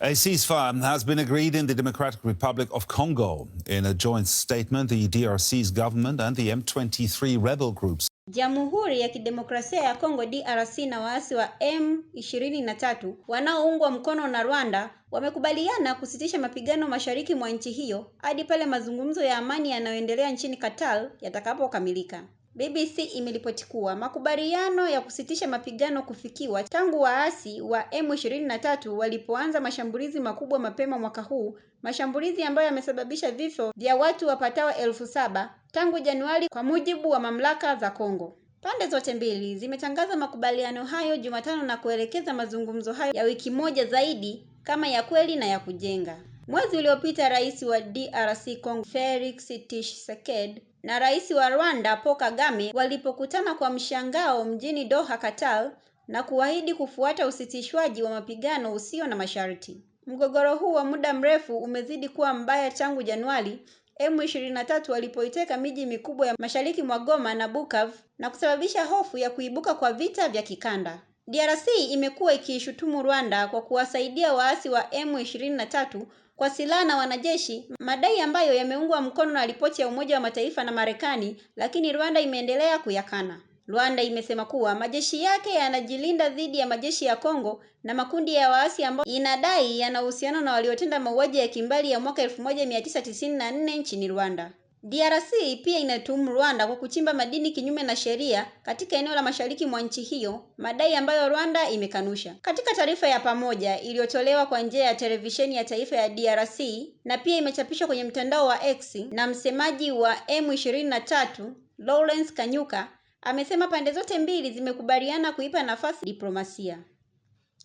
A ceasefire has been agreed in the Democratic Republic of Congo. In a joint statement, the DRC's government and the M23 rebel groups. Jamhuri ya Kidemokrasia ya Kongo DRC na waasi wa M23 wanaoungwa mkono na Rwanda wamekubaliana kusitisha mapigano mashariki mwa nchi hiyo hadi pale mazungumzo ya amani yanayoendelea nchini Qatar yatakapokamilika. BBC imeripoti kuwa makubaliano ya kusitisha mapigano kufikiwa tangu waasi wa M23 walipoanza mashambulizi makubwa mapema mwaka huu, mashambulizi ambayo yamesababisha vifo vya watu wapatao elfu saba tangu Januari, kwa mujibu wa mamlaka za Kongo. Pande zote mbili zimetangaza makubaliano hayo Jumatano na kuelekeza mazungumzo hayo ya wiki moja zaidi kama ya kweli na ya kujenga. Mwezi uliopita, Rais wa DRC Congo Felix Tshisekedi na Rais wa Rwanda Paul Kagame walipokutana kwa mshangao mjini Doha, Qatar na kuahidi kufuata usitishwaji wa mapigano usio na masharti. Mgogoro huu wa muda mrefu umezidi kuwa mbaya tangu Januari M23 walipoiteka miji mikubwa ya mashariki mwa Goma na Bukavu na kusababisha hofu ya kuibuka kwa vita vya kikanda. DRC imekuwa ikiishutumu Rwanda kwa kuwasaidia waasi wa M23 kwa silaha na wanajeshi, madai ambayo yameungwa mkono na ripoti ya Umoja wa Mataifa na Marekani, lakini Rwanda imeendelea kuyakana. Rwanda imesema kuwa majeshi yake yanajilinda dhidi ya majeshi ya Kongo na makundi ya waasi ambayo inadai yana uhusiano na waliotenda mauaji ya kimbali ya mwaka 1994 nchini Rwanda. DRC pia inatuhumu Rwanda kwa kuchimba madini kinyume na sheria katika eneo la mashariki mwa nchi hiyo, madai ambayo Rwanda imekanusha. Katika taarifa ya pamoja iliyotolewa kwa njia ya televisheni ya taifa ya DRC na pia imechapishwa kwenye mtandao wa X, na msemaji wa M23 Lawrence Kanyuka amesema pande zote mbili zimekubaliana kuipa nafasi diplomasia.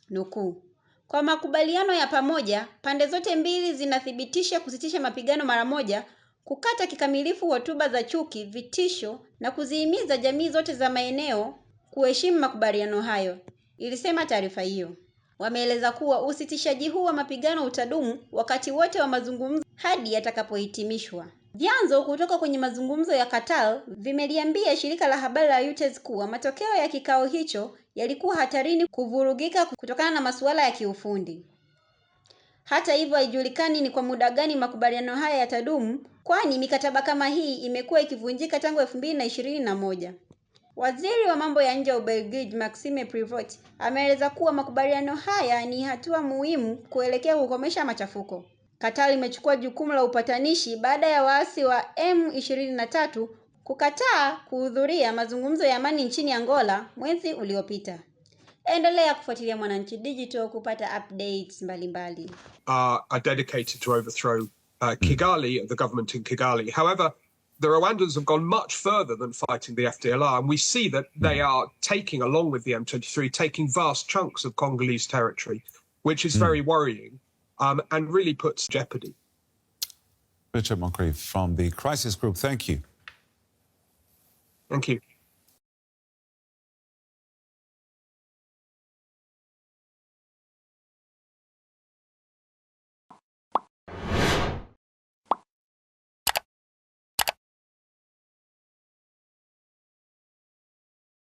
Nukuu, kwa makubaliano ya pamoja, pande zote mbili zinathibitisha kusitisha mapigano mara moja kukata kikamilifu hotuba za chuki, vitisho na kuzihimiza jamii zote za maeneo kuheshimu makubaliano hayo, ilisema taarifa hiyo. Wameeleza kuwa usitishaji huu wa mapigano utadumu wakati wote wa mazungumzo hadi yatakapohitimishwa. Vyanzo kutoka kwenye mazungumzo ya Qatar vimeliambia shirika la habari la Reuters kuwa matokeo ya kikao hicho yalikuwa hatarini kuvurugika kutokana na masuala ya kiufundi. Hata hivyo, haijulikani ni kwa muda gani makubaliano haya yatadumu, kwani mikataba kama hii imekuwa ikivunjika tangu elfu mbili na ishirini na moja. Waziri wa mambo ya nje wa Ubelgiji Maxime Prevot ameeleza kuwa makubaliano haya ni hatua muhimu kuelekea kukomesha machafuko. Katari imechukua jukumu la upatanishi baada ya waasi wa M23 kukataa kuhudhuria mazungumzo ya amani nchini Angola mwezi uliopita. endelea kufuatilia Mwananchi Digital kupata updates mbalimbali mbali. are dedicated to overthrow uh, hmm. Kigali, the government in Kigali. However, the Rwandans have gone much further than fighting the FDLR, and we see that they hmm. are taking, along with the M23, taking vast chunks of Congolese territory, which is hmm. very worrying um, and really puts jeopardy. Richard Moncrief from the Crisis Group, thank you. Thank you.